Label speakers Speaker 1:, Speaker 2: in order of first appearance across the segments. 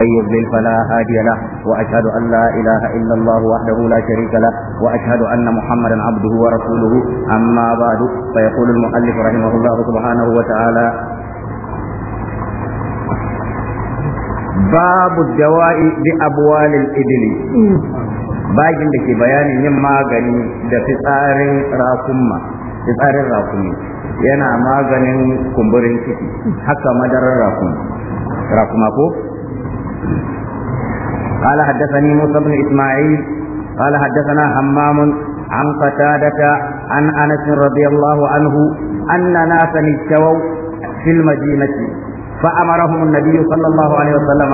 Speaker 1: من يضلل فلا هادي له واشهد ان لا اله الا الله وحده لا شريك له واشهد ان محمدا عبده ورسوله اما بعد فيقول المؤلف رحمه الله سبحانه وتعالى باب الدواء بابوال الابل باجin da ke bayanin yin magani da fitsarin rakunma fitsarin rakumi yana maganin kumburin ciki haka madarar rakuma ko قال حدثني موسى بن إسماعيل قال حدثنا حمام عن قتادة عن أنس رضي الله عنه أن ناسا اجتووا في المدينة فأمرهم النبي صلى الله عليه وسلم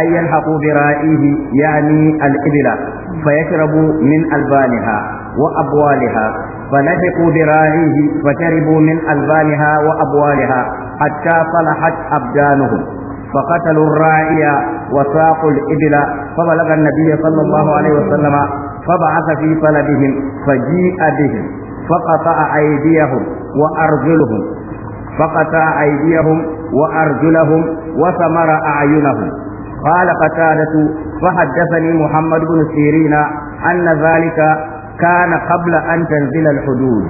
Speaker 1: أن يلحقوا برائيه يعني الإبل فيشربوا من ألبانها وأبوالها فلحقوا برائيه فشربوا من ألبانها وأبوالها حتى صلحت أبدانهم فقتلوا الراعي وساقوا الإبل فبلغ النبي صلى الله عليه وسلم فبعث في طلبهم فجيء بهم فقطع أيديهم وأرجلهم فقطع أيديهم وأرجلهم وثمر أعينهم قال قتادة فحدثني محمد بن سيرين أن ذلك kana qabla an tanzila al-hudud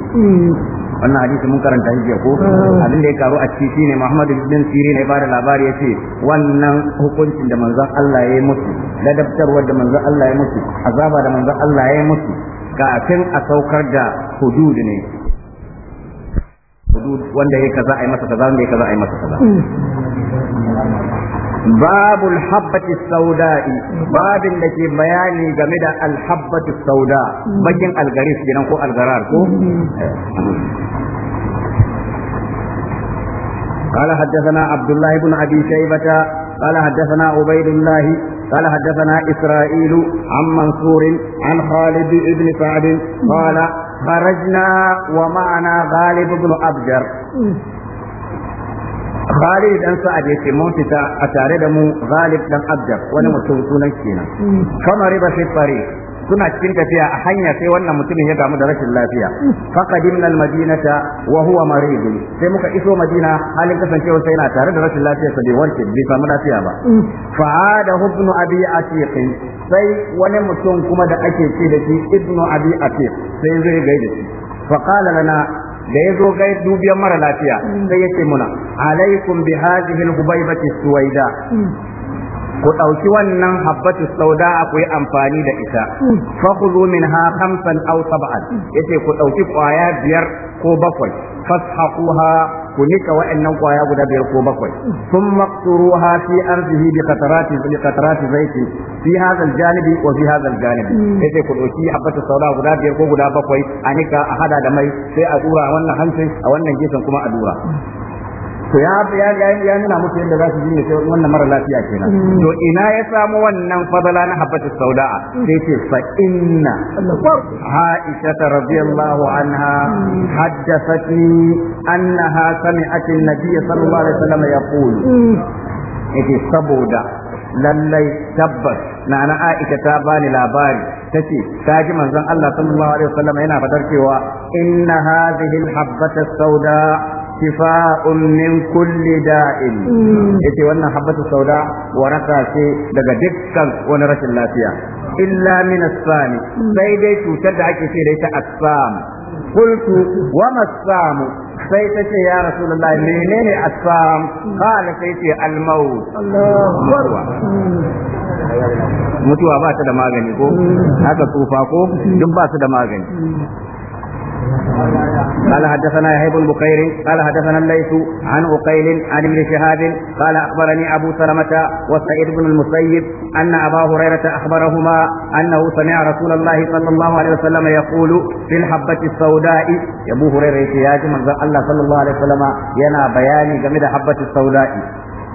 Speaker 1: wannan hadisi mun karanta shi ko ah. abin da ya karu a ciki shine Muhammad ibn Sirin ya bada labari yace wannan hukuncin da manzon Allah ya yi musu ladabtarwar da manzon Allah ya musu azaba da manzon Allah ya yi musu kafin a saukar da hudud ne hudud wanda ya kaza ai masa kaza wanda ya kaza ai masa kaza hmm. باب الحبة السوداء باب da بياني جميلة الحبة السوداء بجن الغريس bakin الغرار قال حدثنا عبد الله بن ابي شيبة قال حدثنا عبيد الله قال حدثنا إسرائيل عن منصور عن خالد بن سعد قال خرجنا ومعنا غالب بن أبجر Khalid dan Sa'ad yace mun fita a tare da mu Ghalib dan Abdab wani mutum sunan kenan kamar riba fi suna cikin tafiya a hanya sai wannan mutumin ya gamu da rashin lafiya faqadimna almadinata wa huwa marid sai muka iso madina halin kasancewa sai yana tare da rashin lafiya sa warke bai samu lafiya ba fa'ada ibn abi atiq sai wani mutum kuma da ake ce da shi ibn abi atiq sai zai gaida shi فقال لنا da ya zo ga dubiyan mara lafiya mm. sai ya ce muna alaikum bi hadhihi al-hubaybati suwaida mm. ku ɗauki wannan habbatu sauda ku yi amfani da ita mm. fa khudhu minha khamsan aw sab'an yace ku ɗauki kwaya biyar ko bakwai fashaquha ku nika wa'annan kwaya guda biyar ko bakwai sun maqturuha fi ardihi bi qatarati bi qatarati zaiti fi hadha aljanibi wa fi hadha aljanibi mm. sai sai ku doki habbatu sauda guda biyar ko guda bakwai a nika a hada da mai sai a dura wannan hancin a wannan gefen kuma a dura mm. to ya ya nuna musu yadda za su yi sai wannan mara lafiya kenan mm. to ina ya samu wannan fadala na habbatu sauda'a mm. sai ce fa inna Aisha radiyallahu anha mm. haddathatni annaha sami'at an-nabiy sallallahu alaihi wasallam yaqulu yake saboda lallai tabbas na na Aisha ta bani labari tace ta ji manzon Allah sallallahu alaihi wasallam yana fadar cewa inna hadhihi al-habbata sauda shifa'un min kulli da'in yace wannan habbatu sauda waraka ce daga dukkan wani rashin lafiya illa min asfani sai dai cutar da ake ce da ita asfam qultu wa masamu sai ta ce ya rasulullahi menene asfam qala sai ce al-maut mutuwa ba ta da magani ko haka tsufa ko duk ba su da magani قال حدثنا يحيى بن بكير قال حدثنا الليث عن عقيل عن ابن شهاب قال اخبرني ابو سلمة وسعيد بن المسيب ان ابا هريرة اخبرهما انه سمع رسول الله صلى الله عليه وسلم يقول في الحبة السوداء ابو هريرة يا جماعة الله صلى الله عليه وسلم ينا بياني جمد حبة السوداء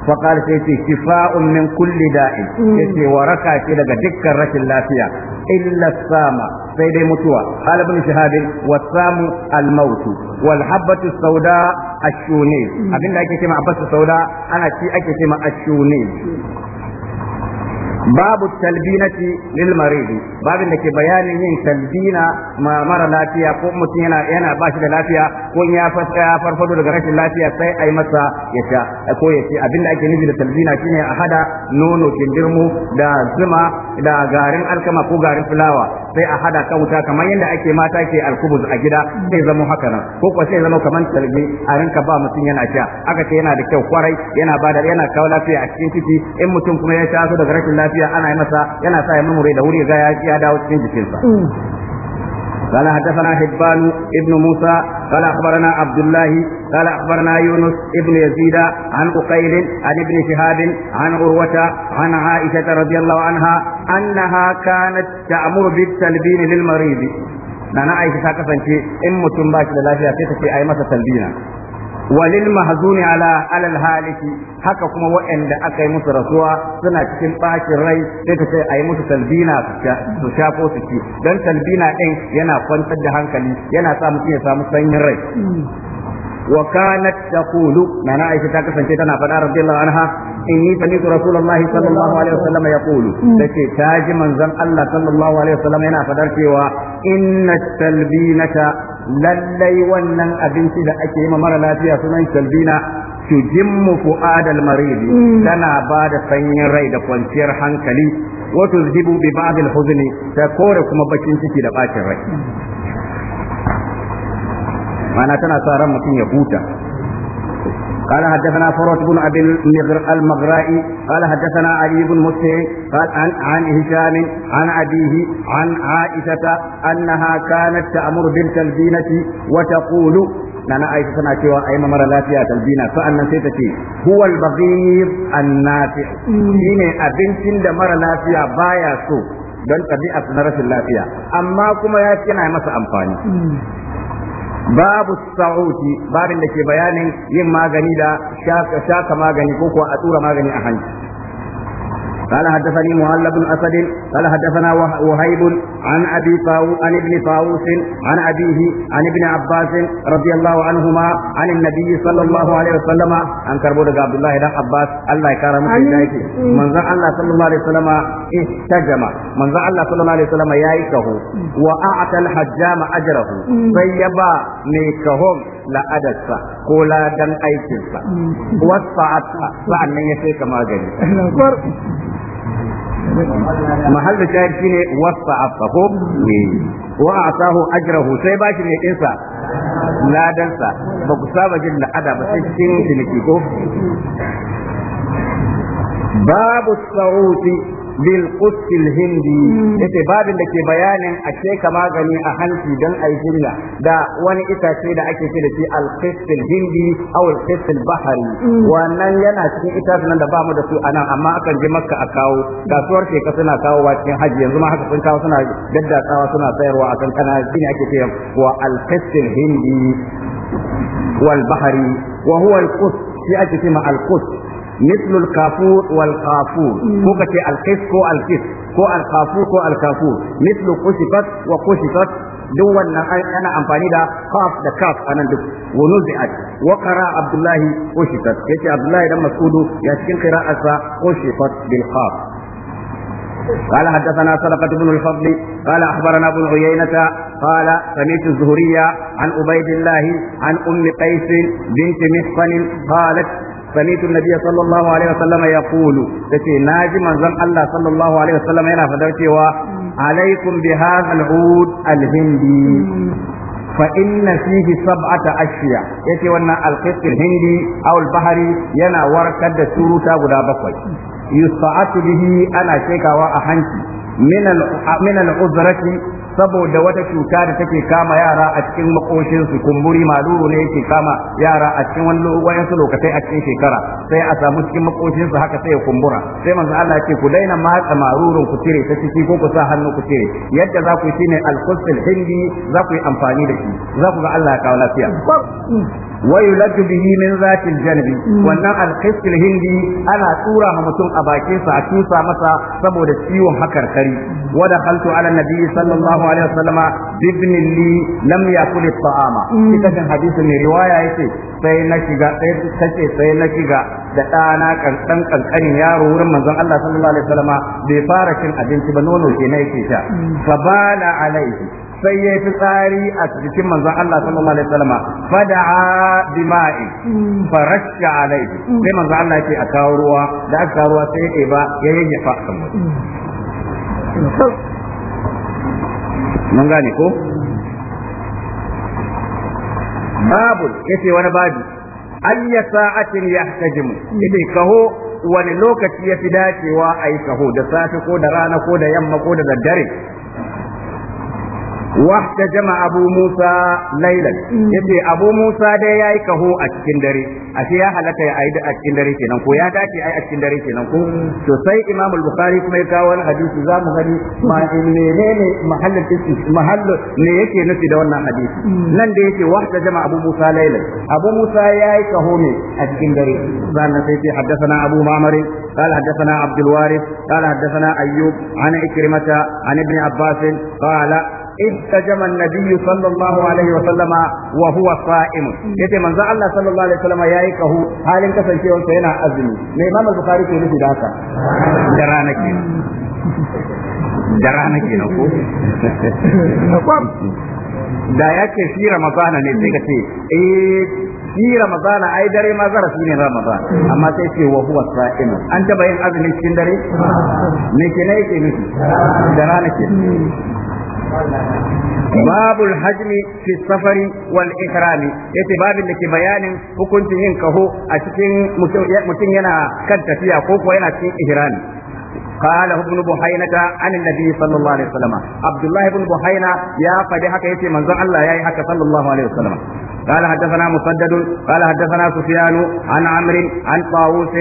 Speaker 1: فقال سيتي شفاء من كل داء يتي وركا كده دكا رشي اللافية إلا السامة sai dai mutuwa qala ibn shahab wa samu al maut wal habatu sauda ashuni abinda ake cewa habatu sauda ana ci ake cewa ashuni babu talbinati lil maridi babin da ke bayanin yin talbina ma mara lafiya ko mutum yana yana ba shi da lafiya ko ya ya farfado daga rashin lafiya sai ai masa ya sha ko ya ce abin da ake nufi da talbina shine a hada nono kindirmu da zuma da garin alkama ko garin fulawa sai a hada ka wuta kamar yadda ake mata ke alkubus a gida sai zama haka nan ko ko sai zama kamar talbi a rinka ba mutum yana sha aka ce yana da kyau kwarai yana da yana kawo lafiya a cikin ciki in mutum kuma ya sha daga rashin lafiya ana yi masa yana sa ya murmure da wuri ga ya dawo cikin jikinsa mm. قال حدثنا حبان ابن موسى قال اخبرنا عبد الله قال اخبرنا يونس ابن يزيد عن ققيل عن ابن شهاب عن عروه عن عائشة رضي الله عنها انها كانت تامر بالتلبين للمريض nana عائشة ta kasance in mutum ba shi da lafiya sai ta ce walil mahzuni ala alal haliki haka kuma waɗanda aka yi musu rasuwa suna cikin ɓakin rai sai ta ce a yi musu talbina su shafo su ci don talbina ɗin yana kwantar da hankali yana sa mutum ya samu sanyin rai wa kanat taqulu nana aisha ta kasance tana faɗa radiyallahu anha inni sami'tu rasulullahi sallallahu alaihi wasallam yaqulu tace taji manzon Allah sallallahu alaihi wasallam yana faɗar cewa inna talbinata lallai wannan abinci da ake yi ma mara lafiya sunan shalbina tujimmu fu'adal marid mm. tana ba da sanyin rai da kwanciyar hankali wa tuzhibu bi ba'd huzni ta kore kuma bakin ciki da bacin rai mana mm. tana sa ran mutum ya huta قال حدثنا فروت بن ابي المغرائي قال حدثنا علي بن مسعود قال عن عن هشام عن ابيه عن عائشه انها كانت تامر بالتلبينه وتقول nana aisha tana cewa ai mara lafiya talbina sa'annan sai ta ce huwal baghir annafi shine abincin da mara lafiya baya so don tabi'a na rashin lafiya amma kuma ya ce yana masa amfani babu sa'uti babin da ke bayanin yin magani da shaka magani ko kuwa a tura magani a hanci قال حدثني مهل بن أسد قال حدثنا وهيب عن أبي طاو عن ابن طاووس عن أبيه عن ابن عباس رضي الله عنهما عن النبي صلى الله عليه وسلم عن كربودة عبد الله بن عباس الله يكرمه من ذا الله صلى الله عليه وسلم احتجم من ذا الله صلى الله عليه وسلم يايكه وأعطى الحجام أجره فيبا ميكهم la'adarsa ko ladan aikinsa wasu sa'ata sa'an nan ya sai ka magani mahallu shahid ne wasa ne wa atahu ajira. sai ba shi ne ɗinsa ladansa ba ku saba jin la'ada ba sai shi ne ko babu sauti bil qutsil hindi hmm. yace babin da ke bayanin a ka magani a hanci don ai da wani itace da ake ce da shi al hindi aw bahari hmm. wannan yana cikin itace nan da ba mu da su anan amma akan je maka a kawo kasuwar ke suna kawo wa cikin haji yanzu ma haka sun kawo suna daddatsawa suna sayarwa akan kana jinya ake ce wa al qutsil hindi wal bahari wa huwa shi ake ce ma al mislul kafur wal kafur ko kace ko al ko Alkafu kafur ko al kafur mislu wa kusifat duk wannan ana amfani da kaf da kaf anan duk wa nuzi'at wa qara abdullahi kusifat yace abdullahi dan mas'udu ya cikin qira'arsa kusifat bil kaf قال حدثنا سلقة بن الفضل قال أخبرنا ابن عيينة قال سمعت الزهرية عن عبيد الله عن أم قيس بنت محصن قالت سمعت النبي صلى الله عليه وسلم يقول تتي ناجي من زم الله صلى الله عليه وسلم ينا فدرتي عليكم بهذا العود الهندي فإن فيه سبعة أشياء يتي وانا القط الهندي أو البحري ينا وركد سروتا غدا بقوي يستعط به أنا شيكا وأحنتي من العذرة saboda wata cuta da take kama yara a cikin makoshin kumburi maluru ne yake kama yara a cikin wani su lokacin a cikin shekara sai a samu cikin makoshin haka sai ya kumbura sai manzo Allah ya ce ku daina matsa marurun ku cire ta ciki ko ku sa hannu ku cire yadda za ku yi shine al hindi za ku yi amfani da shi za ku ga Allah ya kawo lafiya ويلج به من ذات الجنب wannan alkhistil hindi ana tura wa mutum a bakinsa a tusa masa saboda ciwon hakar kari wa da khaltu alaihi wasallama bibni li lam yakul ta'ama mm. cikin hadisin mai riwaya yace sai na shiga sai tace sai na shiga da ɗana kankan kankanin yaro wurin manzon Allah sallallahu alaihi wasallama bai fara cin abinci ba nono ke na ke sha mm. fa bala alaihi sai ya fi tsari a cikin manzon Allah sallallahu alaihi wasallam fada'a bima'i mm. farashsha alaihi sai manzon Allah yake a kawo ruwa da aka ruwa sai ya ba ya yayyafa mun gane ko babu yace wani babu ayya sa'atin yahtajimu yace kaho wani lokaci ya fi dacewa a yi kaho da safe ko da rana ko da yamma ko da daddare wahtajama abu musa lailan mm. yace abu musa dai yayi kaho a cikin dare ashe ya halatta ya ayi a cikin dare kenan ko ya dace ai a cikin dare kenan ko to sai Imam al-Bukhari kuma ya kawo wani hadisi za mu gani ma menene mahallin mahallu ne yake nufi da wannan hadisi mm. nan da yake wahda jama Abu Musa laylan Abu Musa ya yi kaho ne a cikin dare sannan sai ce haddathana Abu Ma'mar قال حدثنا عبد الوارث قال حدثنا أيوب عن إكرمة عن ابن عباس قال اتجم sallallahu alaihi wa sallama وسلم وهو صائم yace manzo Allah sallallahu alaihi wa wasallam yayi kahu halin kasancewar sa yana azumi me Imam Bukhari ke nufi da haka da rana ke da rana ke ko da yake fi Ramadana ne sai ka ce eh shi ramadana ai dare ma zarafi ne ramadana amma sai ce wa huwa sa'im an taba yin azumi cikin dare me ke ne ke nufi da rana ke باب الحجم في السفر والإكرام يتي باب da بيان وكنت ينكه أشكين kaho a cikin mutum yana kan tafiya ko قال ابن بحينة عن النبي صلى الله عليه وسلم عبد الله بن بحينة يا فدي حكا يتي منزل الله يا حكا صلى الله عليه وسلم قال حدثنا مسدد قال حدثنا سفيان عن عمرو عن طاووس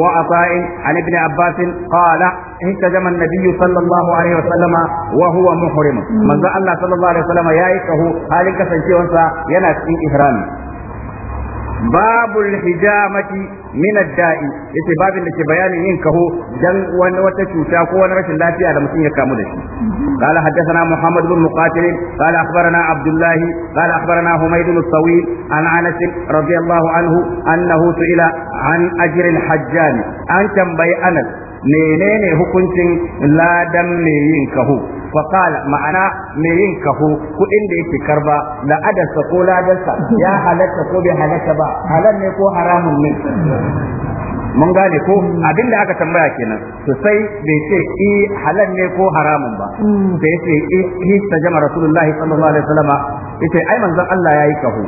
Speaker 1: وعطاء عن ابن عباس قال احتجم النبي صلى الله عليه وسلم وهو محرم من الله صلى الله عليه وسلم يا يكه حالك سنتي وانسى ينا في إحرامي babul hijamati min da'i yace babin da ke bayanin yin kaho dan wani wata cuta ko wani rashin lafiya da mutum ya kamu da shi قال حدثنا محمد بن مقاتل قال اخبرنا عبد الله قال اخبرنا حميد الطويل عن انس رضي الله عنه انه سئل عن اجر الحجان an tambayi anas menene hukuncin ladan mai yin kaho faqala ma'ana me yin kaho kuɗin da yake karba da adarsa ko ladarsa ya halatta ko bai halatta ba halal ne ko haramun ne mun gane ko abin da aka tambaya kenan to sai bai ce i e, halal ne ko haramun ba hmm. sai ce i e, hissa jama rasulullahi sallallahu alaihi wasallam yace ai manzon Allah yayi kaho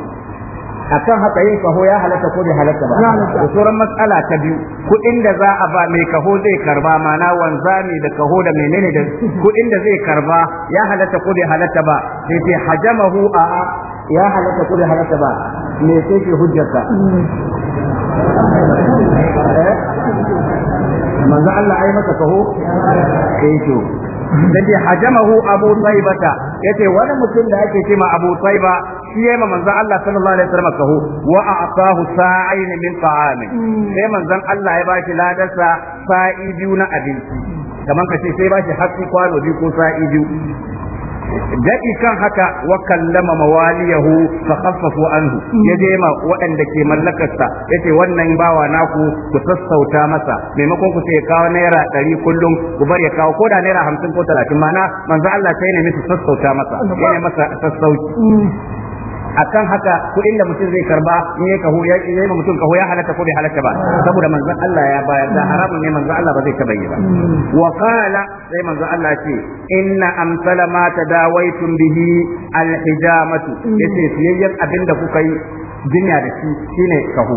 Speaker 1: akan haka yin kaho ya halatta ko bai halatta ba da sauran matsala ta biyu kuɗin da za a ba mai kaho zai karba mana wanzami da kaho da menene da kuɗin da zai karba ya halatta ko bai halatta ba sai sai hajamahu a ya halatta ko bai halatta ba me sai ke hujjarsa eh? manzo Allah ai masa kaho sai to da hajamahu abu taibata yace wani mutum da ake cewa abu taiba shi yayi ma manzon Allah sallallahu alaihi wasallam kaho wa a'tahu sa'ain min ta'am mm. sai manzon Allah ya bashi ladarsa sa'i biyu na abinci kamar ka ce sai bashi hatsi kwano biyu ko sa'i biyu daɗi kan haka wa kallama mawaliyahu fa khaffafu anhu mm. ya je ma waɗanda ke mallakarsa ce wannan bawa naku ku sassauta masa maimakon ku sai kawo naira ɗari kullum ku bar ya kawo ko da naira hamsin ko talatin mana manzo Allah sai ne su sassauta masa yana masa sassauci mm. akan haka kuɗin da mutum zai karba in ya kaho ya yi ma mutum kaho ya halatta ko bai halatta ba saboda manzon Allah ya bayar da haramun ne manzon Allah ba zai taba yi ba hmm. wa qala sai manzon Allah ce inna amsala ma tadawaitum bihi alhijamatu hmm. yace siyayyan abinda kuka yi jinya da shi shine kaho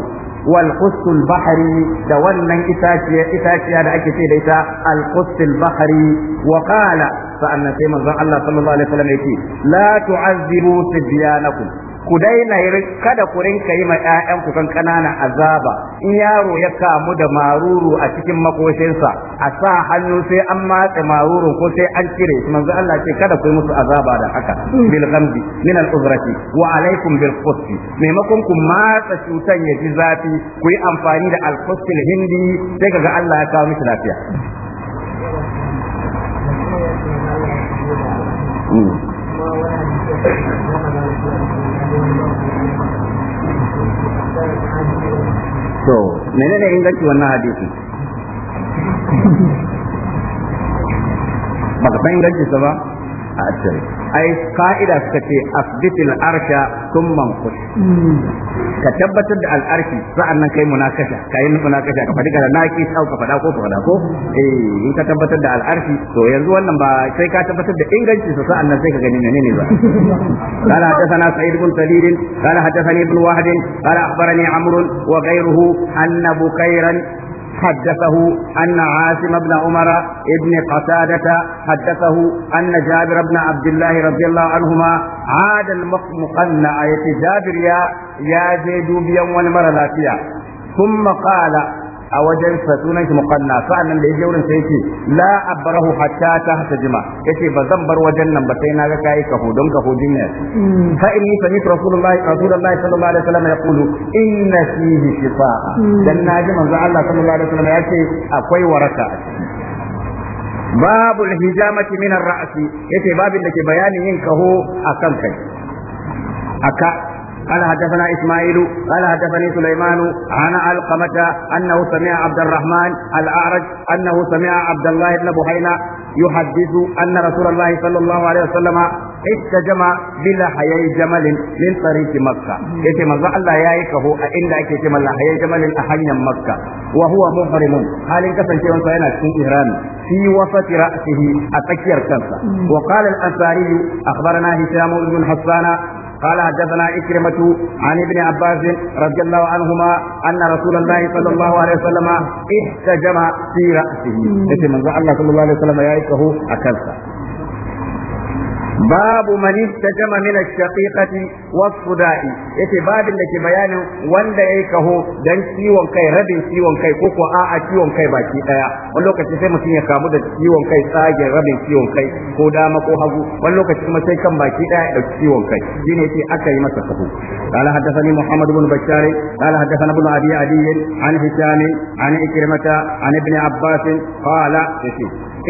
Speaker 1: wal qustul bahri da wannan itaciya da ake ce da ita al qustul bahri wa qala sa'annan sai manzon Allah sallallahu alaihi wasallam la ku daina kada ku rinka yi ma ƴaƴan ku kan kananan azaba in yaro ya kamu da maruru a cikin makoshinsa a sa hannu sai an matse marurun ko sai an cire shi manzo Allah ce kada ku yi musu azaba da haka bil ghamdi min al uzrati wa alaikum bil qusti maimakon ku matsa cutan ya ji zafi ku yi amfani da al qusti hindi sai kaga Allah ya kawo miki lafiya Mm. to menene inganci wannan hadisi ba ka san inganci sa ba a asiri ai ka'ida suka ce asbitil arsha thumma anqus ka tabbatar da al'arshi sa'annan kai munakasha kai munakasha ka faɗi kana naki sau ka faɗa ko ka faɗa ko eh in ka tabbatar da al'arshi to yanzu wannan ba sai ka tabbatar da inganci sa sa'annan sai ka gani menene ba قال حدثنا ibn talil سعيد hadathani ibn ابن واحد akhbarani اخبرني wa ghayruhu anna bukairan حدثه أن عاصم بن عمر بن قتادة حدثه أن جابر بن عبد الله رضي الله عنهما عاد المقنع يتجابر يا يا زيد بيوم ثم قال a wajen sunan shi muqanna nan da yake wurin sai yake la abrahu hatta ta tahtajima yake ba zan bar wajen nan ba sai na ga kai kaho don kaho dinne hmm. fa inni sami rasulullahi rasulullahi sallallahu alaihi wasallam kulu inna fihi shifa hmm. dan naji manzo Allah sallallahu alaihi wasallam yace akwai waraka babu hijamati min ar-ra'si yake babin da ke bayanin yin kaho akan kai aka قال حدثنا إسماعيل قال حدثني سليمان عن علقمة أنه سمع عبد الرحمن الأعرج أنه سمع عبد الله بن بحينا يحدث أن رسول الله صلى الله عليه وسلم استجمع بلحيي جمل من طريق مكة يتي مزا الله ياي كهو عند ake ce malla hayai jamalin a hanyar makka wa huwa muhrimun halin kasancewar sa yana cikin ihrami fi wasati ra'sihi a tsakiyar kansa wa qala al-ansari akhbarana hisham ibn hassana قال حدثنا إكرمة عن ابن عباس رضي الله عنهما أن رسول الله صلى الله عليه وسلم احتجم في رأسه اسم الله صلى الله عليه وسلم يا إكره أكلت babu man istajama min ash-shaqiqati was-suda'i yace babin da ke bayanin wanda ya yi kaho dan ciwon kai rabin ciwon kai ko ko a'a ciwon kai baki ɗaya, wani lokaci sai mutum ya kamu da ciwon kai tsage rabin ciwon kai ko dama ko hagu wani lokaci kuma sai kan baki ɗaya da ciwon kai ne yace aka yi masa kaho قال حدثني محمد بن بشار قال حدثنا ابن ابي عدي عن هشام عن إكرمة عن ابن عباس قال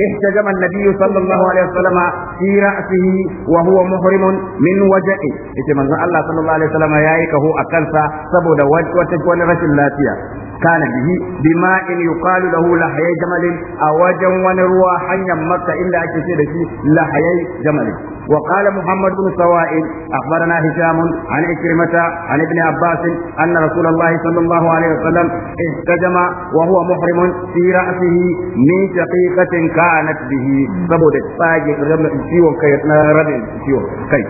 Speaker 1: احتجم النبي صلى الله عليه وسلم في رأسه وهو محرم من وجعه إذا من الله صلى الله عليه وسلم يايك هو أكنسا سبود وتجوان رشل لاتيا كان به بماء يقال له لحيي جمل أوجا ونروى حيا مكة إلا أكثر لحيي جمل وقال محمد بن سوائل أخبرنا هشام عن إكرمة عن ابن عباس أن رسول الله صلى الله عليه وسلم احتجم وهو محرم في رأسه من شقيقة كان ta'anat bihi saboda tsage ciwon kai na rabin ciwon kai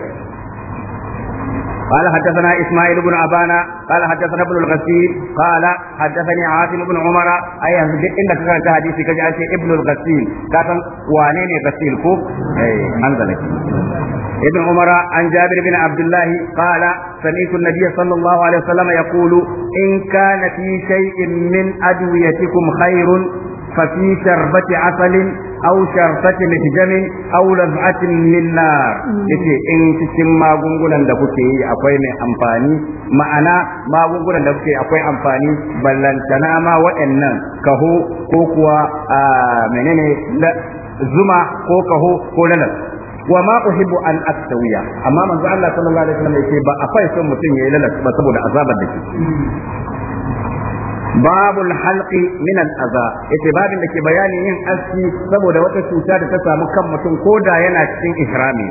Speaker 1: قال حدثنا اسماعيل بن ابانا قال حدثنا ابن الغسيل قال حدثني عاصم بن عمر اي انك كانت حديثي كجاء ابن الغسيل كان وانين غسيل كو اي انزلك ابن عمر عن جابر بن عبد الله قال سمعت النبي صلى الله عليه وسلم يقول ان كان في شيء من ادويتكم خير ففي شربة asalin, أو شربة محجم أو لذعة من نار يتي إن تكن ما غنغنا دكوكي أكوي من أمفاني معنا ما غنغنا دكوكي أكوي أمفاني بل لن تنام وإنن كهو كوكوا آه zuma ko kaho ko lalas wa ma uhibbu an aktawiya amma manzo Allah sallallahu alaihi wasallam yake ba a fai son mutum ya yi lalas ba saboda azabar da ke babul halqi min al-adha babin da ke bayanin yin aski saboda wata cuta da ta samu kan mutum ko da yana cikin ihrami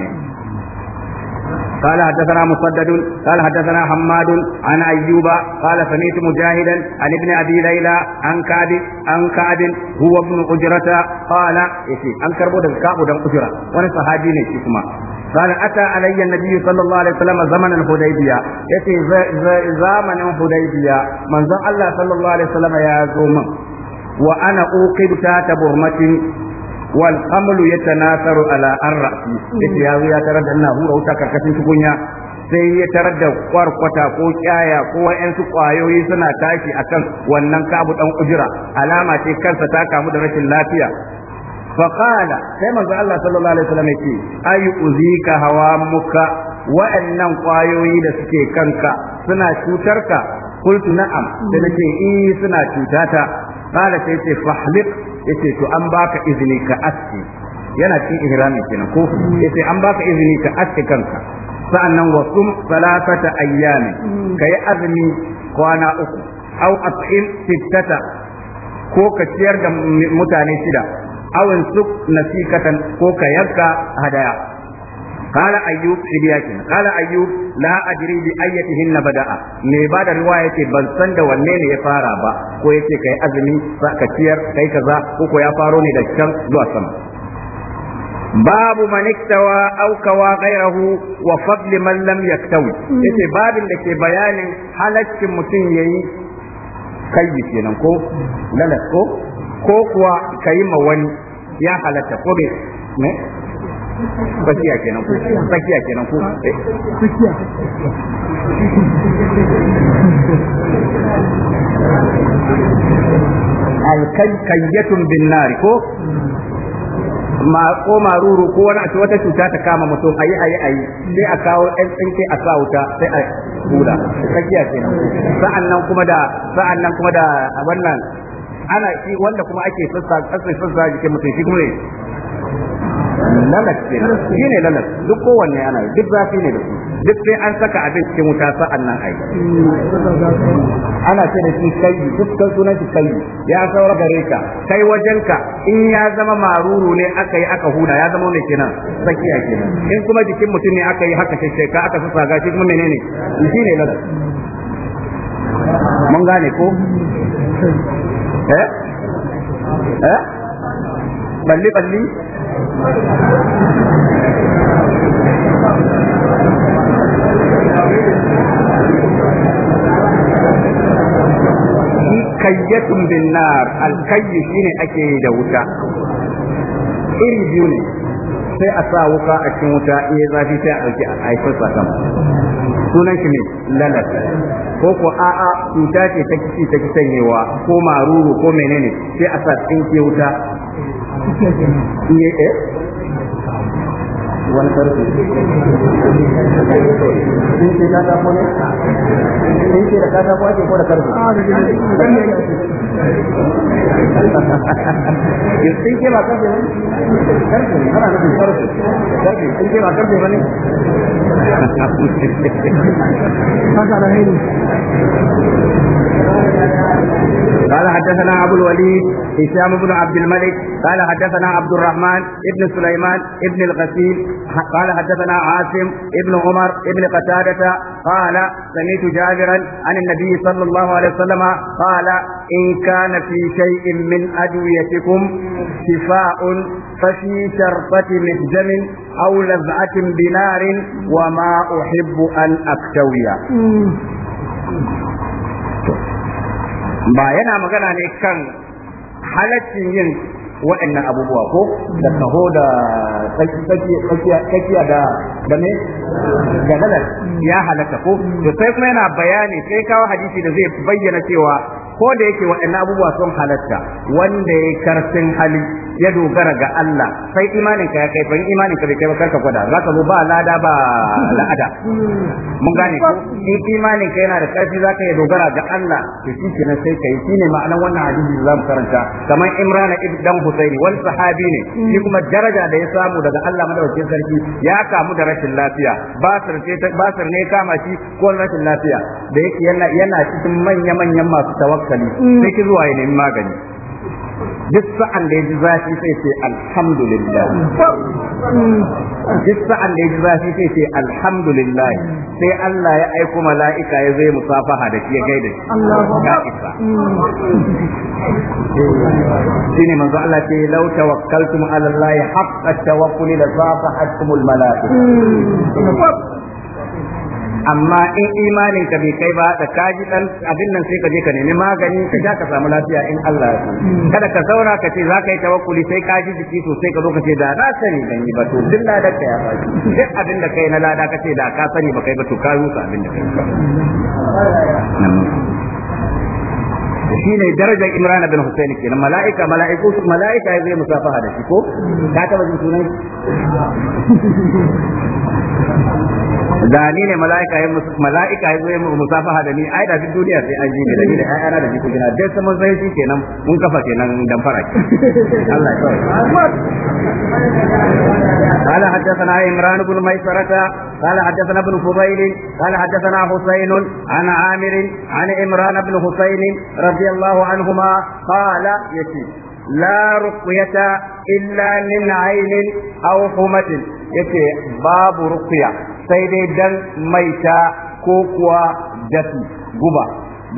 Speaker 1: قال حدثنا مسدد قال حدثنا حماد عن أيوب قال سمعت مجاهدا عن ابن أبي ليلى عن كعب عن كعب هو ابن أجرة قال إيشي عن كربو دم كعب دم أجرة وانا صحابي نيشي قال أتى علي النبي صلى الله عليه وسلم زمن الحديبية يتي زمن الحديبية من زم الله صلى الله عليه وسلم يا زوم وأنا أوقد تحت برمة wal qamlu na ala ar-ra'si yace ya ya tarar da ina hura wuta karkashin tukunya sai ya tarar da kwarkwata ko kyaya ko wa'yansu kwayoyi suna tashi akan wannan kabu dan ujira alama ce kansa ta kamu da rashin lafiya فقال كما قال الله صلى الله عليه وسلم أي muka. هوامك وأنن kwayoyi da suke kanka suna cutarka kultu na'am da nake eh suna cutata qala sai ce fahliq yace to an baka izini ka aske yana cikin ihrami kenan ko yace an baka izini ka aske kanka sa'annan wa sum salatata ayyami mm-hmm. kai azumi kwana uku aw at'im sittata ko ka ciyar da mutane shida awin suk nasikatan ko ka yanka hadaya qala ayyub ibyakin qala ayyub la ajri bi ayyatihin bada'a me ba da riwaya yake ban san da wanne ne ya fara ba ko yake kai azumi ka ciyar kai kaza ko ko ya faro ne da can zuwa sama babu man Aukawa aw kawa ghayrahu wa fadl man lam yaktawi yace babin da ke bayanin halaccin mutum yayi kai kenan ko lalas ko ko kuwa kai ma wani ya halarta ko tsakiya kenan ko tsakiya kenan ko eh. tsakiya alkayyatun bin nari ko ma ko maruru ko wani a wata cuta ta kama mutum ayi ayi ayi sai a kawo ɗan tsinke a sa wuta sai a hula tsakiya kenan sa'annan kuma da sa'annan kuma da wannan ana shi wanda kuma ake sassa sassa jikin mutum shi kuma ne lalat ne shine lalat duk kowanne ana yi duk zafi ne da su duk sai an saka abin cikin wuta sa'an nan ai ana ce da shi kai duk kan sunan shi kai ya saura gare ka kai wajenka in ya zama maruru ne aka yi aka huda ya zama ne kenan sakiya kenan in kuma jikin mutum ne aka yi haka ka aka sassa gashi kuma menene ne lalat mun gane ko eh eh balli balli kayyatun bin nar alkayyi shine ake yi da wuta iri biyu ne sai a sa wuka a cikin wuta iya zafi sai a ɗauki a haifar sakan sunan shi ne lalat ko ko a'a cuta ce ta kici sanyewa, ko maruru ko menene sai a sa tsinke wuta E e ne eh wani in ce ne
Speaker 2: in ce da ake ko da karfi ah, يستيقظ كيف أنا
Speaker 1: قال حدثنا أبو الوليد هشام بن عبد الملك قال حدثنا عبد الرحمن ابن سليمان ابن الغسيل قال حدثنا عاصم ابن عمر ابن قتادة قال سمعت جابرا عن النبي صلى الله عليه وسلم قال إن كان في شيء من أدويتكم شفاء ففي شرفة محجم أو لذعة بنار وما أحب أن أكتوي ba yana magana ne kan halaccin yin waɗannan abubuwa ko da kaho da tsakiya da da ne gadalar ya halatta ko to sai kuma yana bayani sai kawo hadisi da zai bayyana cewa ko da yake waɗannan abubuwa sun halatta wanda ya karfin hali ya dogara ga Allah sai imanin ka ya kai ban imanin ka bai kai ba karka gwada za ka zo ba lada ba la'ada mun gane ko in imanin ka yana da karfi za ka ya dogara ga Allah to shi kenan sai kai ne ma'anar wannan hadisi da zamu karanta kamar Imran ibn Husaini wani sahabi ne shi kuma daraja da ya samu daga Allah madaukakin sarki ya kamu da rashin lafiya basir ce basir ne kama shi ko rashin lafiya da yake yana yana cikin manya-manyan masu tawakkali tawakkali sai ki zuwa ya nemi magani duk sa'an da ya ji zafi sai ce alhamdulillah duk sa'an da ya ji zafi sai ce alhamdulillah sai Allah ya aiko mala'ika ya zai musafaha da shi ya gaida shi ya isa shine manzo Allah ce law tawakkaltum ala Allah haqqa tawakkuli la safahatkum al mala'ika hmm. amma in imanin ka bai kai ba da kaji dan abin nan sai ka je ka nemi magani ka ja ka samu lafiya in Allah ya hmm. kada ka zauna ka ce ka yi tawakkuli sai ka ji jiki to sai ka zo ka ce da na sani dan yi ba to duk ladar ka ya faɗi duk abin da kai na lada ka ce da ka sani ba kai ba to ka rusa abin da kai shi ne darajar Imran bin Hussein kenan mala'ika mala'iku mala'ika ya zai musafaha da shi ko ka taba jin sunan da ne mala'ika ya mala'ika ya zo ya musafaha da ni ai da duk duniya sai an ji ne da ni da ayyana da jiki na dai sama sai shi kenan mun kafa kenan dan fara ki Allah ya قال حدثنا عمران بن ميسرة قال حدثنا ابن فضيل قال حدثنا حسين عن عامر عن عمران بن حسين رضي الله عنهما قال يتي لا رقية إلا من عين أو حمة يتي باب رقية sai dai dan maita ko kuwa dafi guba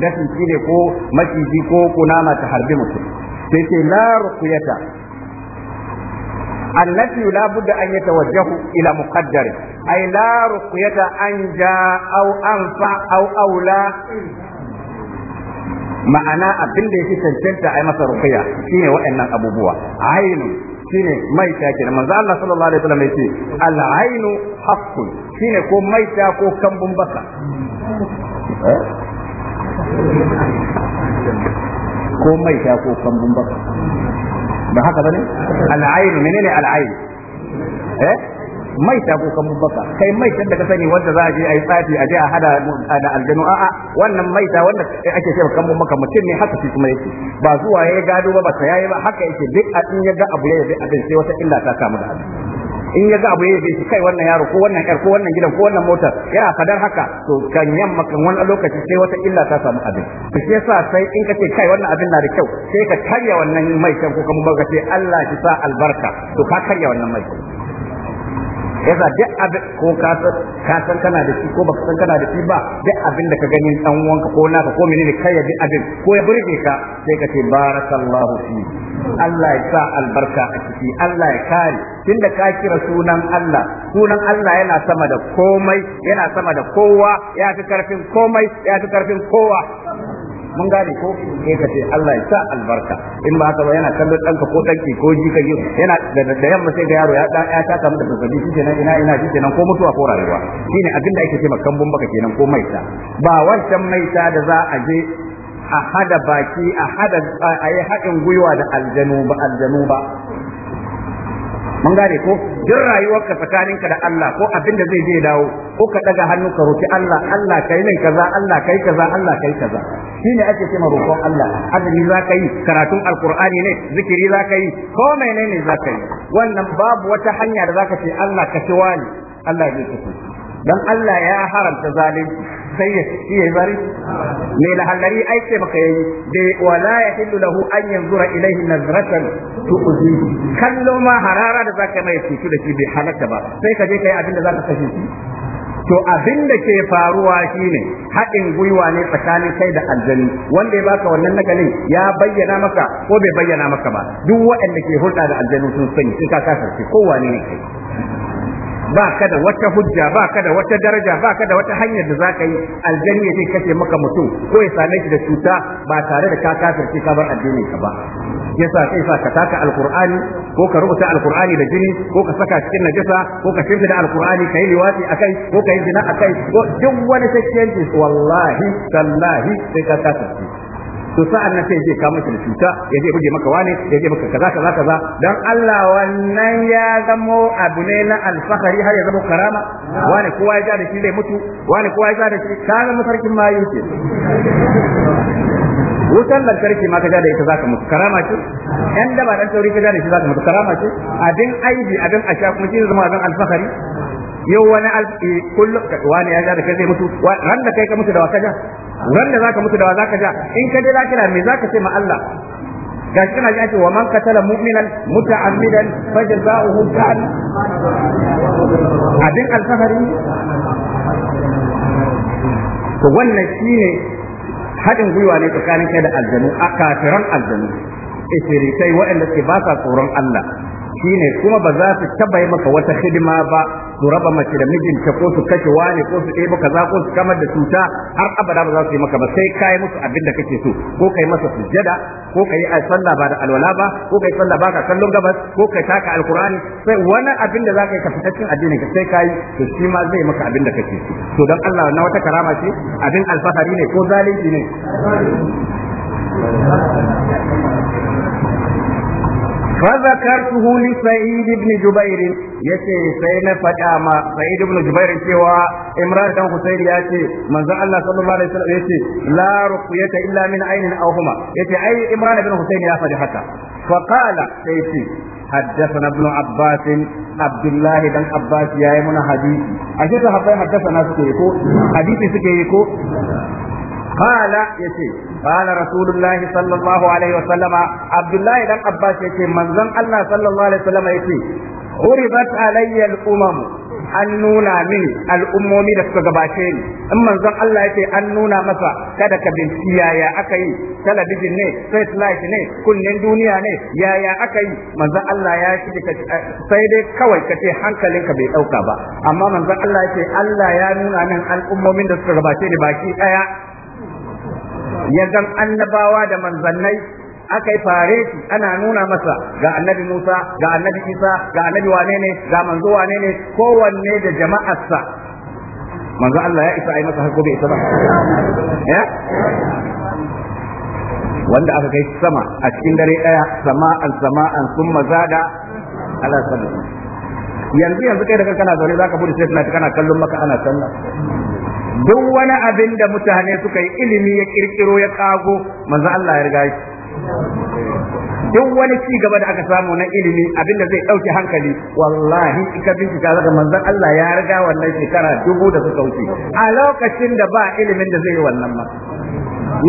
Speaker 1: dafi ne ko maciji ko kunama ta harbi mutum sai ce la ruqyata allati la budda an yatawajjahu ila muqaddar ay la ruqyata an ja aw anfa aw aula ma'ana abin da yake cancanta a masa ruqya shine waɗannan abubuwa ainun shine ta kenan manzo Allah sallallahu alaihi wasallam yace al-ainu haqqun shine ko ta ko kambun baka eh? ko mai ta ko kambun baka ba haka bane al-ainu menene al-ainu eh mai ta kukan mubaka kai mai da ka sani wanda za a je a yi tsafi a je a hada da aljanu a'a wannan mai ta wanda ake cewa kan mubaka mutum ne haka shi kuma yake ba zuwa ya gado ba ba yayi ba haka yake duk a in ya ga abu ya bi abin sai wata illa ta samu da abin in ya ga abu ya bi kai wannan yaro ko wannan yar ko wannan gidan ko wannan motar yana kadar haka to kan yamma kan wani lokaci sai wata illa ta samu abin to shi yasa sai in ka ce kai wannan abin na da kyau sai ka karya wannan mai ko kuma baka ce Allah ki sa albarka to ka karya wannan mai yasa duk abin ko ka san kana da shi ko baka san kana da shi ba duk abin da ka gani dan wanka ko naka ko menene kai ya bi abin ko ya burge ka sai ka ce barakallahu fi Allah ya sa albarka a ciki Allah ya kare tunda ka kira sunan Allah sunan Allah yana sama da komai yana sama da kowa ya fi karfin komai ya fi karfin kowa mun gane ko sai ka ce Allah ya sa albarka in ba haka ba yana kallon ɗanka ko ɗanki ko jikan yi yana da yamma sai ga yaro ya ɗan ya taka da zazzabi shi kenan ina ina shi kenan ko mutuwa ko rayuwa Shi ne abin da ake ce kambun baka kenan ko maita ba wancan maita da za a je a hada baki a hada a yi haɗin gwiwa da aljanu ba aljanu ba mun gane ko duk rayuwar tsakaninka da Allah ko abin da zai je dawo ko ka daga hannu ka roki Allah Allah kai min kaza Allah kai kaza Allah kai kaza shine ake cewa roƙon Allah azumi za ka yi karatun alqur'ani ne zikiri za ka yi ko menene za ka yi wannan babu wata hanya da za ka ce Allah ka ci wani Allah zai tafi dan Allah ya haramta zalunci sai ya shi ya bari mai lahallari aike ce maka yayi da wala ya hillu lahu an yanzura ilaihi nazratan uzi kallo ma harara da zaka mai cutu da shi bai halatta ba sai ka je kai abin da zaka kashe shi to abin da ke faruwa shine haɗin gwiwa ne tsakanin kai da aljani wanda ya baka wannan nagalin ya bayyana maka ko bai bayyana maka ba duk waɗanda ke hulɗa da aljanu sun sani in ka kasance kowane ne kai ba ka da wata hujja ba ka da wata daraja ba ka da wata hanyar da za ka yi aljani ya kashe maka mutum ko ya same shi da cuta ba tare da ka kafirce ka bar addinin ka ba yasa sai sa ka taka alqur'ani ko ka rubuta alqur'ani da jini ko ka saka cikin najasa ko ka shirka da alqur'ani kai liwati akai ko kai zina akai ko duk wani sakiyanci wallahi tallahi sai ka kafirce to sa'an nan sai ya kawo maka da cuta ya je buge maka wane ya je maka kaza kaza kaza dan Allah wannan ya zamo abu ne na alfahari har ya zamo karama wane kowa ya ja da shi zai mutu wane kowa ya ja da shi ka ga mafarkin mayu ke wutan lantarki ma ka ja da ita zaka mutu karama ce yan ba dan sauri ka ja da shi zaka mutu karama ce abin aibi abin asha kuma shi zama abin alfahari yau wani alfi eh, kullum wani ya ja da zai mutu ran da kai ka mutu da wa ka ja ran da zaka mutu da wa ka ja in ka je lakira me zaka ce ma Allah gashi kana ji ake wa man qatala mu'minan muta'ammidan fajza'uhu jahannam abin alfahari to wannan shine haɗin gwiwa ne tsakanin kai da aljanu a kafiran aljanu isirikai waɗanda ke ba sa tsoron Allah shine kuma ba za su taba yi maka wata hidima ba su raba mace da mijinta ko su kashe wani ko su ɗebo kaza ko su kamar da cuta har abada ba za su yi maka ba sai kai musu abin da kake so ko kai masa sujjada ko kai sallah ba da alwala ba ko kai sallah ba ka kallon gabas ko kai taka alkurani sai wani abin da za ka yi ka fitaccen addinin ka sai kai to shi ma zai maka abin da kake so to dan Allah na wata karama ce abin alfahari ne ko zalunci ne فذكرته لسعيد بن جبير يتي سينا فداما سعيد بن جبير سوى امرأة دان حسين ياتي من ذا الله صلى الله عليه وسلم يتي لا رقية إلا من عين أو هما يتي أي امرأة بن حسين يا حتى فقال سيتي حدثنا ابن عباس عبد الله بن عباس يا من حديث أجل حدثنا سكيكو حديثي سكيكو قال يتي قال رسول الله صلى الله عليه وسلم عبد الله بن عباس يتي من زن الله صلى الله عليه وسلم يتي غربت علي الامم an nuna mini al'ummomi da suka gabace ni in manzon Allah yake an nuna masa kada ka binci yaya aka yi talabijin ne satellite ne kunnen duniya ne yaya aka yi manzon Allah ya shige ka sai dai kawai ka ce hankalinka bai dauka ba amma manzon Allah yake Allah ya nuna min al'ummomin da suka gabace ni baki daya ya gan annabawa da manzannai aka yi fare shi ana nuna masa ga annabi Musa ga annabi Isa ga annabi wane ne ga manzo wane ne kowanne da jama'arsa manzo Allah ya isa ai masa har bai isa ba ya wanda aka kai sama a cikin dare daya sama'an sama'an summa zada ala sabu. yanzu yanzu kai da kana zaune zaka bude sai kana kallon maka ana sallah duk wani abin da mutane suka yi ilimi ya kirkiro ya kago manzo Allah ya riga shi duk wani ci gaba da aka samu na ilimi abin da zai dauke hankali wallahi in ka bincika zaka manzon Allah ya riga wannan shekara dubu da suka wuce a lokacin da ba ilimin da zai yi wannan ma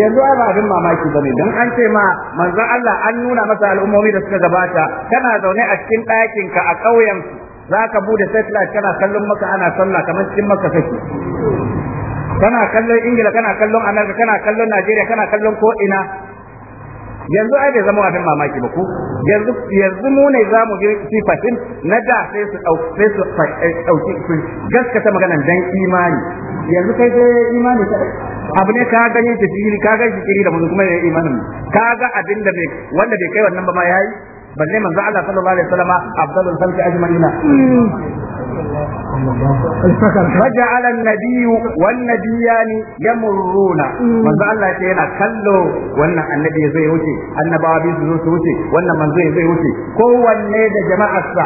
Speaker 1: yanzu ba abin mamaki ba ne don an ce ma manzo Allah an nuna masa al'ummomi da suka gabata kana zaune a cikin ɗakin ka a ƙauyen za ka bude satellite kana kallon maka ana sallah kamar cikin maka kake kana kallon ingila kana kallon amerika kana kallon najeriya kana kallon ko ina yanzu ai bai zama abin mamaki ba ku? yanzu yanzu mu ne za mu ji fatin na da sai su sai su dauki eh, su gaskata magana dan imani yanzu kai sai imani ka abu ne ka gani ta jiri ka gani shi da mun kuma imanin ka ga abin da wanda bai kai wannan ba ma yayi balle manzo Allah sallallahu alaihi wasallam afdalul khalqi
Speaker 2: biya
Speaker 1: فجعل ya والنبيان يمرون من الله ce yana kallo wannan annabi zai wuce annabawa biyu su wuce wannan manzo zai wuce kowanne da jama'arsa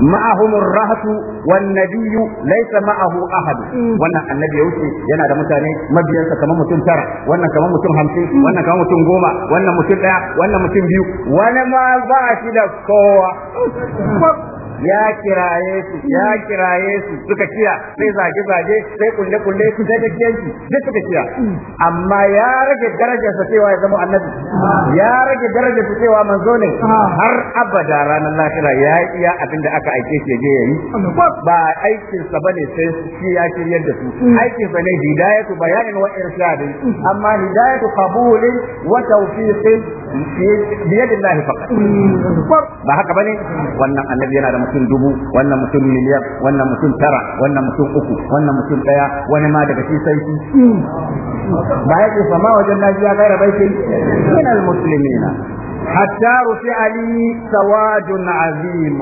Speaker 1: معهم الرهط والنبي ليس معه أحد wannan annabi ya wuce yana da mutane mabiyansa kamar mutum tara wannan kamar mutum hamsin wannan kamar mutum goma wannan mutum ɗaya. wannan mutum biyu wani ma ba shi da kowa ya kiraye su ya kiraye su suka kiya sai zage zage sai kulle kulle sai da kiyanci sai suka kiya amma ya rage darajar sa cewa ya zama annabi ya rage darajar sa cewa manzo ne har abada ranar lahira ya iya abin da aka aike shi je yayi ba aikin sa bane sai su ya kiriyar da su aikin sa ne hidayatu bayanin wa irshadin amma hidayatu qabulin wa tawfiqin biyadillahi faqat ba haka bane wannan annabi yana da mutum dubu wannan mutum miliyar wannan mutum tara wannan mutum uku wannan mutum daya wani ma daga shi sai shi ba yake fama wajen najiya gaira baitin min almuslimina hatta rufi ali sawajun azim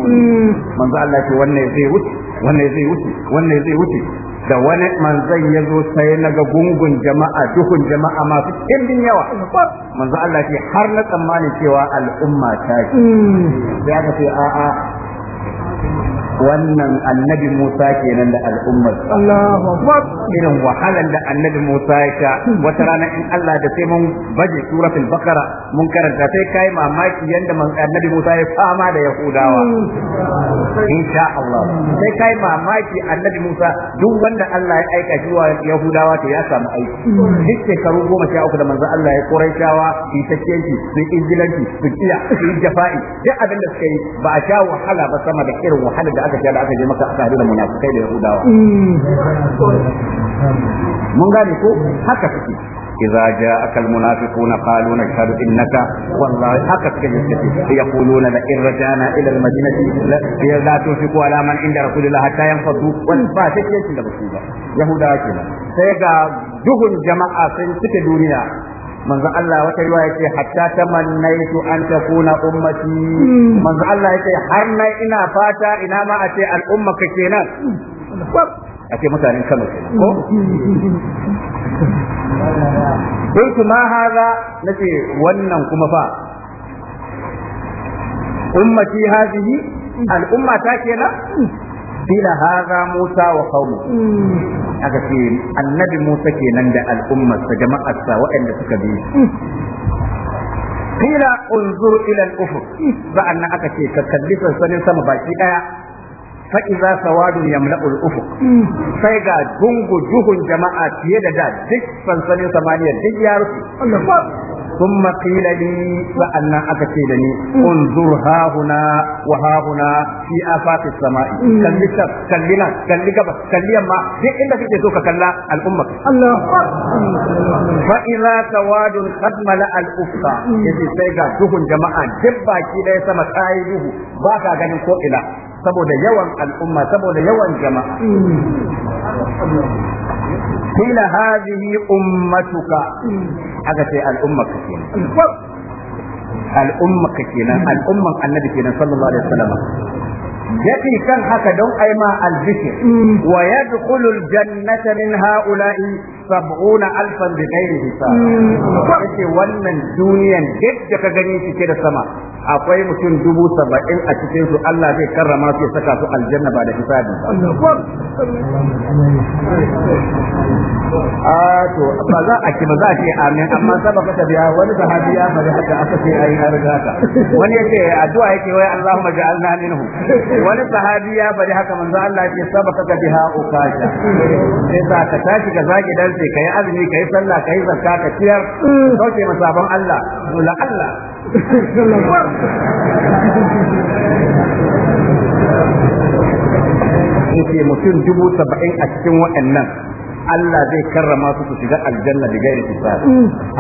Speaker 1: manzo Allah ce wannan zai wuce wannan zai wuce wannan zai wuce da wani manzon ya zo sai na ga gungun jama'a duhun jama'a masu kimbin yawa manzo Allah ce har na tsammanin cewa al'umma ta ce ya hmm. ga sai a'a Thank you. wannan annabi Musa kenan da al'ummar Allahu akbar irin wahalan da annabi Musa ya sha wata rana in Allah da sai mun baje suratul bakara mun karanta sai kai mamaki yanda annabi Musa ya fama da Yahudawa hmm. insha Allah sai kai mamaki annabi Musa duk wanda Allah ya aika shi wa Yahudawa to ya samu aiki hmm. duk shekaru goma sha uku da manzo Allah ya Quraishawa su takkenci su injilanci su kiya su jafa'i duk abin da suka yi ba a sha wahala ba sama da irin wahala da aka ce da aka je maka aka hadu da munafikai da yahudawa mun gane ko haka suke إذا جاءك المنافقون قالوا نشهد إنك والله حقك يقولون لئن رجعنا إلى المدينة لا تنفقوا على من عند رسول الله حتى ينفضوا والفاسق يشهد بسيطة يهودا كذا سيقى جهن جماعة سنتك دنيا manzo Allah wata riwaya ce hatta tamannaitu an takuna ummati hmm. manzo Allah yake har na ina fata ina ma a ce al'umma ka kenan a ce mutanen Kano kenan ko قلت ما هذا wannan kuma fa? فا أمتي هذه الأمة kenan? bila haza Musa wa qaumu aka ce annabi Musa kenan da al'ummar sa jama'ar sa waɗanda suka bi kila mm. unzur ila al-ufuq mm. nan aka ce ka kalli sansanin sama baki ɗaya, fa iza sawadun yamla'u al-ufuq mm. sai ga dungu duhun jama'a fiye da da duk sansanin samaniya duk ya rufe ثم قيل لي فأنا أكتيدني انظر ها هنا وها هنا في آفاق السماء كلي شب كلي ناس كلي قبس كلي يما دي إنك تتوك كلا الأمة الله فإذا سواد قد ملأ الأفق يجي سيغا دهن جماعة جبا كي ليس مسايده باكا غني كو إلا saboda yawan al'umma saboda yawan jama'a قيل هذه أمتك أجت الأمة كثيرا الأمة كثيرا الأمة النبي كثيرا صلى الله عليه وسلم yake kan haka don ai ma albishir wa yadkhulu aljannata min haula'i sab'una alfan bi ghairi hisab hmm. yace wannan duniyan duk ka gani cike da sama akwai mutum dubu saba'in a cikin su Allah zai karrama su ya saka su aljanna ba da hisabi a to ba za a ki ba za a ce amin amma sabaka ta biya wani sahabi ya bari haka aka ce ayi har haka wani yace addu'a yake wai Allahumma ja'alna minhu wani sahabi ya bari haka manzo Allah ya sabaka ka biha ukasha sai sa ka tashi ka zagi dan sai kai azumi kai sallah kai zakka ka ciyar kauce masabon Allah la Allah yake mutum dubu saba'in a cikin wa'annan Allah zai karrama su su shiga aljanna da gairi hisab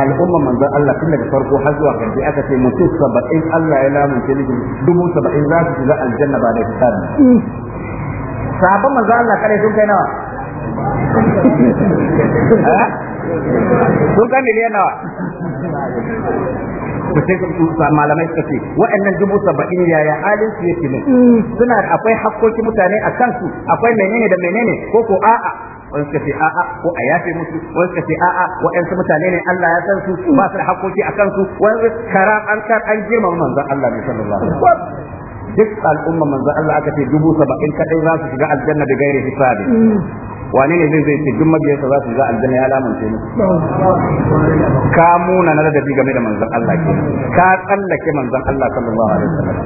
Speaker 1: al'umma manzan Allah tun daga farko har zuwa karshe aka ce mutum saba'in Allah ya lamun ke nufin dubu saba'in za su shiga aljanna ba da hisab sabon manzan Allah kare sun kai nawa eh? sun kai miliyan nawa to sai malamai suka ce wa'annan dubu saba'in yaya alin su yake ne mm. suna akwai hakkoki mutane a kansu akwai menene da menene ko ko a'a wani suka ce a'a ko a yafe musu wani suka ce a'a wa'ansu mutane ne Allah ya san su mm. ba su da hakkoki a kansu wani karam an kar an girmama manzon Allah ne sallallahu alaihi wasallam mm. duk al'umma manzo Allah aka ce dubu saba'in kadai za su shiga aljanna da gairi hisabi wane ne zai zai ce duk mabiyarsa za su za aljanna ya lamunce musu ka muna na ladabi game da manzon Allah ke ka tsallake manzon Allah sallallahu alaihi wasallam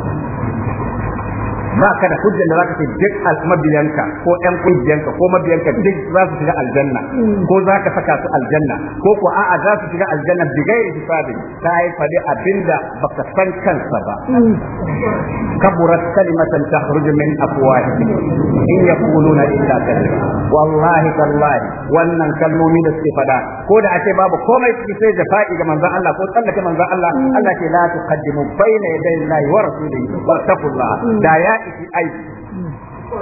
Speaker 1: ba ka da hujjar da zaka ce duk mabiyanka ko ƴan kungiyanka ko mabiyanka duk za su shiga aljanna ko za ka saka su aljanna ko ko a'a za su shiga aljanna bigairi hisabi ta yi faɗi abinda baka san kansa ba kaburat kalimatan takhruju min afwahihim in na illa kadhiba wallahi tallahi wannan kalmomi da suke faɗa ko da ake babu komai suke sai da fa'i ga manzon Allah ko tsallake manzan Allah Allah ke la tuqaddimu bayna yadayi Allah wa rasulihi wa taqullah da ya ishi
Speaker 2: ai ce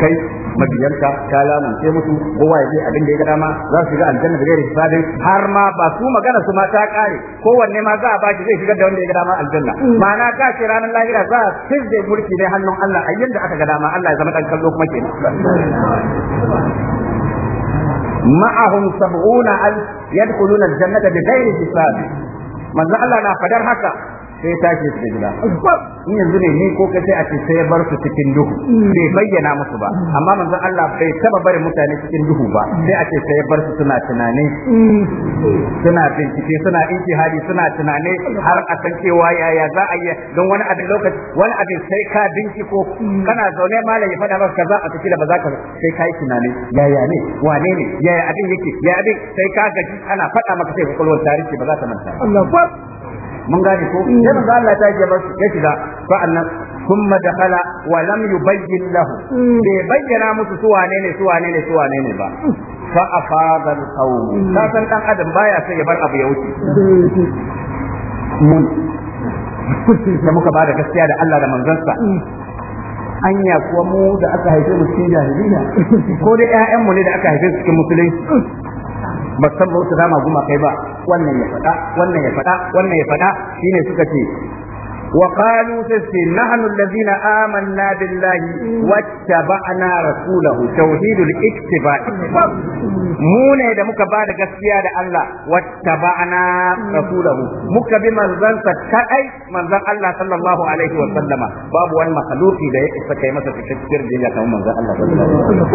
Speaker 2: kai
Speaker 1: mabiyanka ka lamunce musu kowa ya je abin da ya ga dama za su shiga aljanna da gairi hisabin har ma ba su magana su ma ta kare kowanne ma za a ba shi zai shigar da wanda ya ga dama aljanna ma'ana ka ce ranar lahira za a fizge mulki ne hannun Allah a yanda aka ga dama Allah ya zama dan kallo kuma kenan ma'ahum sab'una alf yadkhuluna aljannata bighairi hisab manzo Allah na fadar haka sai tashi su gida in yanzu ne ni ko kace a ce sai ya bar su cikin duhu bai bayyana musu ba amma manzon Allah bai taba bari mutane cikin duhu ba sai a ce sai ya bar su suna tunani suna bincike suna hali suna tunani har a san cewa yaya za a yi don wani abin lokaci wani abin sai ka binciko kana zaune malam ya faɗa maka kaza a cikin da ba za ka sai ka yi tunani yaya ne wane ne yaya abin yake yaya abin sai ka gaji ana faɗa maka sai kwakwalwar tarihi ba za ta manta ba mun gane ko mm. sai manzo Allah ta ji basu ya shiga sa'annan thumma dakhala wa lam yubayyin lahu mm. bai bayyana musu su wane ne su wane ne su wane ne ba mm. fa afada qawm ka san dan adam baya sai ya bar abu ya wuce mun da muka bada gaskiya da Allah da manzansa anya kuwa mu da aka haife mu cikin jahiliya ko dai ƴaƴanmu ne da aka haife su cikin musulunci ba san ba su dama guma kai ba wannan ya faɗa wannan ya faɗa wannan ya faɗa shine suka ce وقالوا سيسي نحن الذين آمنا بالله واتبعنا رسوله توحيد الاتباع مونة دا مكا بعد قسيا دا الله واتبعنا رسوله مكا بمنزل ستأي منزل الله صلى الله عليه وسلم باب وان مخلوقي دا يكسا كي مسا تكتير بيجا كم منزل الله صلى الله عليه وسلم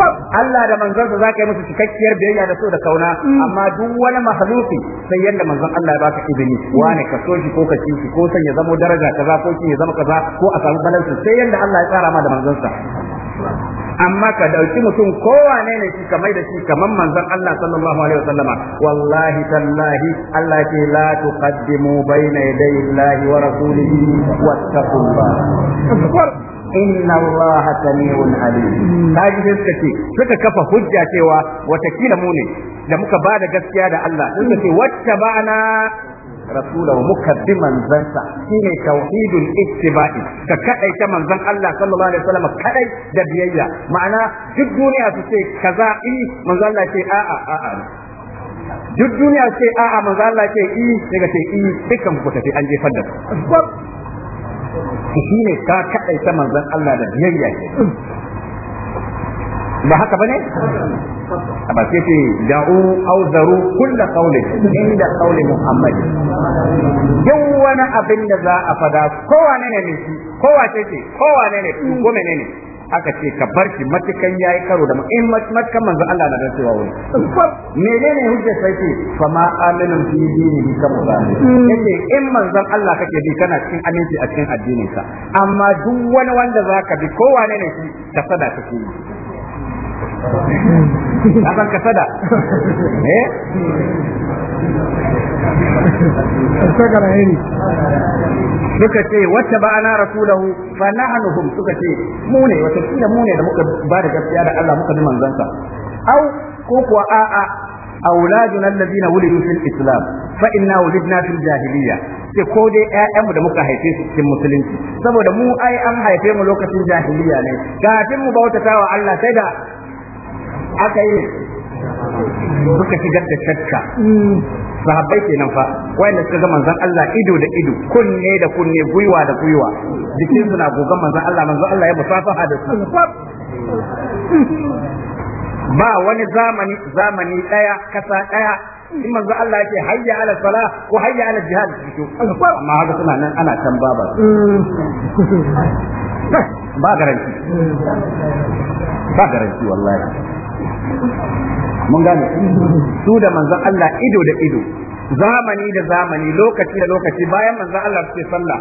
Speaker 1: الله دا منزل سزا كي مسا تكتير بيجا دا سودا كونا أما دو ولا مخلوقي سيئن دا منزل الله باك إذني وانا كسوشي كوكا تيشي كوسا يزمو درجة kaza ko shi ya zama kaza ko a samu balansu sai yadda Allah ya tsara ma da manzansa amma ka dauki mutum kowane ne shi kamar da shi kamar manzon Allah sallallahu alaihi wasallama wallahi tallahi Allah ke la tuqaddimu baina yaday Allah wa rasulihi wattaqullah inna Allah sami'un alim kaji sai suka ce suka kafa hujja cewa watakila mu ne da muka ba da gaskiya da Allah suka ce wacce ba'ana rasula wa mukaddi manzansa shine tauhidul ittiba'i ka kadai ta manzan Allah sallallahu alaihi wasallam kadai da biyayya ma'ana duk duniya su ce kaza i manzon Allah ce a'a a'a duk duniya su ce a manzon Allah ce i sai ka ce i dukkan ku tafi an jefar da su shine ka kadai ta manzan Allah da biyayya ba haka bane ba sai ce da'u au zaru kull qawlin inda qawli muhammad duk wani abin da za a fada kowane ne ne kowace ce kowane ne ko menene aka ce ka bar shi matukan yayi karo da in matukan manzo Allah na da cewa wuri menene hujja sai ce fa ma aminu fi dinihi kama ba yace in manzo Allah kake bi kana cikin aminci a cikin addinin ka amma duk wani wanda zaka bi kowane ne shi ka sada kake yi ka san kasada eh suka ce wacce ba ana rasulahu fa suka ce mu ne wata kila mu ne da muka ba da gaskiya da Allah muka bi manzansa au ko kuwa a'a auladuna zina wuli fil islam fa inna na fil jahiliya ce ko dai ƴaƴanmu da muka haife su cikin musulunci saboda mu ai an haife mu lokacin jahiliya ne kafin mu bautatawa Allah sai da aka yi suka shigar da shakka sahabbai kenan fa da suka ga manzon Allah ido da ido kunne da kunne gwiwa da gwiwa jikin suna gogon manzon Allah manzon Allah ya musafaha da su ba wani zamani zamani daya kasa daya in manzo Allah yake hayya ala sala ko hayya ala jihad to amma haka suna nan ana can baba ba garanti ba garanti wallahi mun gane su da manzon Allah ido da ido zamani da zamani lokaci da lokaci bayan manzon Allah suke sallah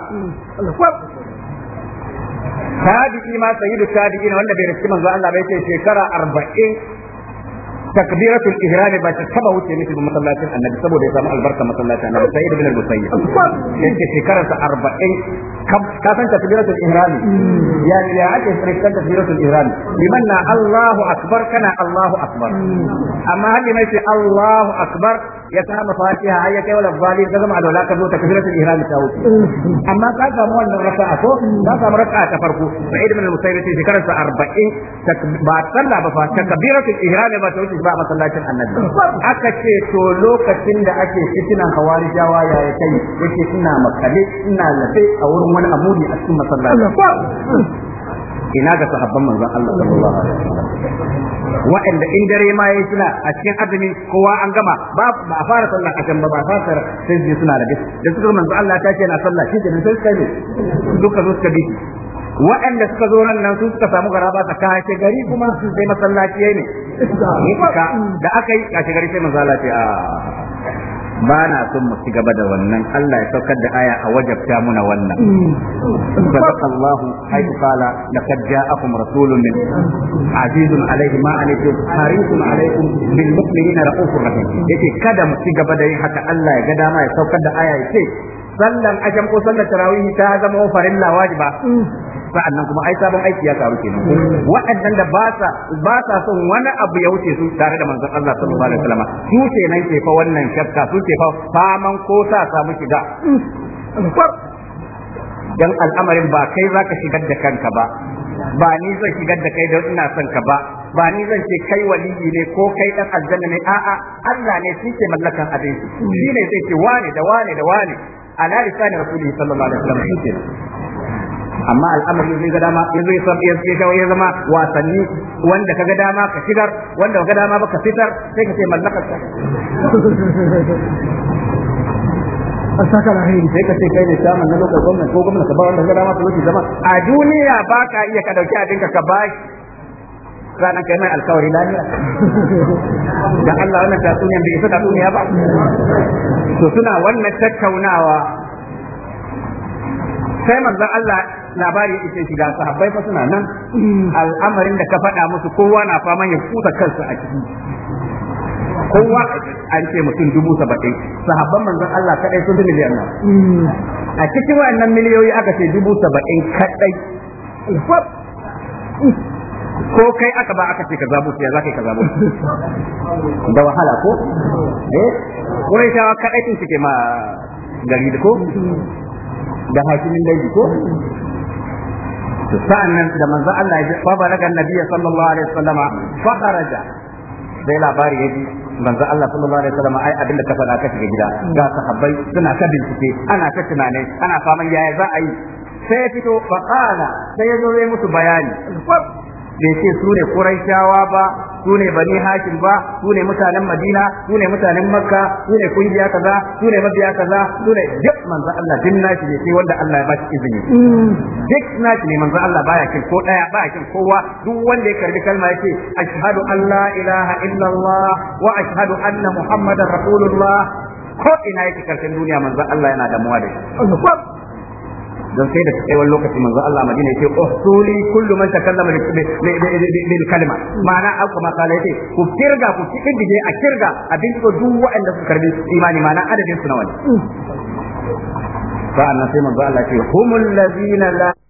Speaker 1: tabi'i ma sayyidu tabi'in wanda bai riski manzon Allah bai ce shekara 40 takbiratul ihram ba ta taba wuce miki ba masallacin annabi saboda ya samu albarka masallacin annabi da bin al-musayyib yace shekararsa 40 ka san takbiratul ihrami ya ya ake tsirkan takbiratul ihrami liman na Allahu akbar kana Allahu akbar amma hadi mai ce Allahu akbar ya kama fatiha ayya kai wala bali ka zama alwala ka zo takbiratul ihrami ta wuce amma ka samu wannan raka'a ko ka samu raka'a ta farko sa'id ibn al-musayyib ce shekarar sa 40 ba sallah ba fa takbiratul ihrami ba ta wuce ba masallacin annabi aka ce to lokacin da ake fitinan hawarijawa ya kai yake ina makale ina lafe a wurin wani amuri a cikin masallaci ina ga sahabban manzon Allah sallallahu alaihi wasallam wa'anda in dare ma yayi suna a cikin azumi kowa an gama ba ba fara a can ba ba fara sai su suna da da suka manzo Allah ta ce na sallah shi da sai kai duka zo suka bi wa'anda suka zo nan su suka samu garaba ta ce gari kuma su sai masallaci ne da aka yi kashe gari sai manzo Allah ce a ah. ba na son mu ci gaba da wannan Allah ya saukar da aya a wajabta muna wannan sadaqallahu haythu qala laqad ja'akum rasulun min azizun alayhi ma alaykum harisun alaykum bil mu'minina raufur rahim yace kada mu ci gaba da yin haka Allah ya ga dama ya saukar da aya yace sallan ajam ko sallar tarawih ta zama farilla ba. sa'annan kuma ai sabon aiki ya karu kenan waɗannan da ba sa ba sa son wani abu ya wuce su tare da manzon Allah sallallahu alaihi wasallam su ce nan ke fa wannan shakka su ce fa faman ko sa samu shiga dan al'amarin ba kai zaka shigar da kanka ba ba ni zan shigar da kai don ina son ka ba ba ni zan ce kai waliyi ne ko kai dan aljanna ne a'a Allah ne shi ke mallakan abin shi ne zai ce wane da wane da wane ala lisanin rasulullahi sallallahu alaihi wasallam amma al'amari zai ga dama ya zai san ya zama wasanni wanda ka ga dama ka shigar wanda ga dama ba ka fitar sai ka ce mallakar ka a na hari sai ka ce kai ne samun na lokacin gwamnati ko gwamnati ba wanda ga dama ka lokacin zama a duniya ba ka iya ka dauki abin ka bashi ranar kai mai alkawari lafiya da Allah wannan tatsuniyan bai isa duniya ba to suna wannan tattaunawa sai manzon Allah labari ya ishe shiga sahabbai fa suna nan al'amarin da ka faɗa musu kowa na fama ya kuta kansa a ciki kowa an ce mutum dubu saba'in sahabban manzon Allah kadai sun fi miliyan nan a cikin wannan miliyoyi aka ce dubu saba'in kadai ko kai aka ba aka ce ka zabo sai za ka ka zabo da wahala ko eh kurai tawa kadai tun suke ma gari da ko da hakimin dai ko sa'annan da manzo Allah ya fa balaga nabiyyi sallallahu alaihi wasallama fa kharaja sai labari ya ji manzo Allah sallallahu alaihi wasallam ai abinda ka faɗa ka shiga gida ga sahabbai suna ta bincike ana ta tunani ana faman yaya za a yi sai ya fito fa qala sai ya zo musu bayani bai ce su ne Quraishawa ba su ne Bani Hashim ba su ne mutanen Madina su ne mutanen Makka su ne kungiya kaza su ne mabiya kaza su ne duk manzo Allah din nashi ne sai wanda Allah ya ba shi izini duk nashi ne manzo Allah baya kin ko daya baya kin kowa duk wanda ya karbi kalma yake ashhadu an la ilaha illallah wa ashhadu anna muhammadar rasulullah ko ina yake karshen duniya manzo Allah yana damuwa da shi don sai da ta wani lokaci manzo Allah Madina yake usuli kullu man takallama bil kalima ma'ana an kuma kala yake ku kirga ku kirdige a kirga abin da duk wanda suka karbi imani ma'ana adadin su nawa ne fa sai manzo Allah ce humul ladina la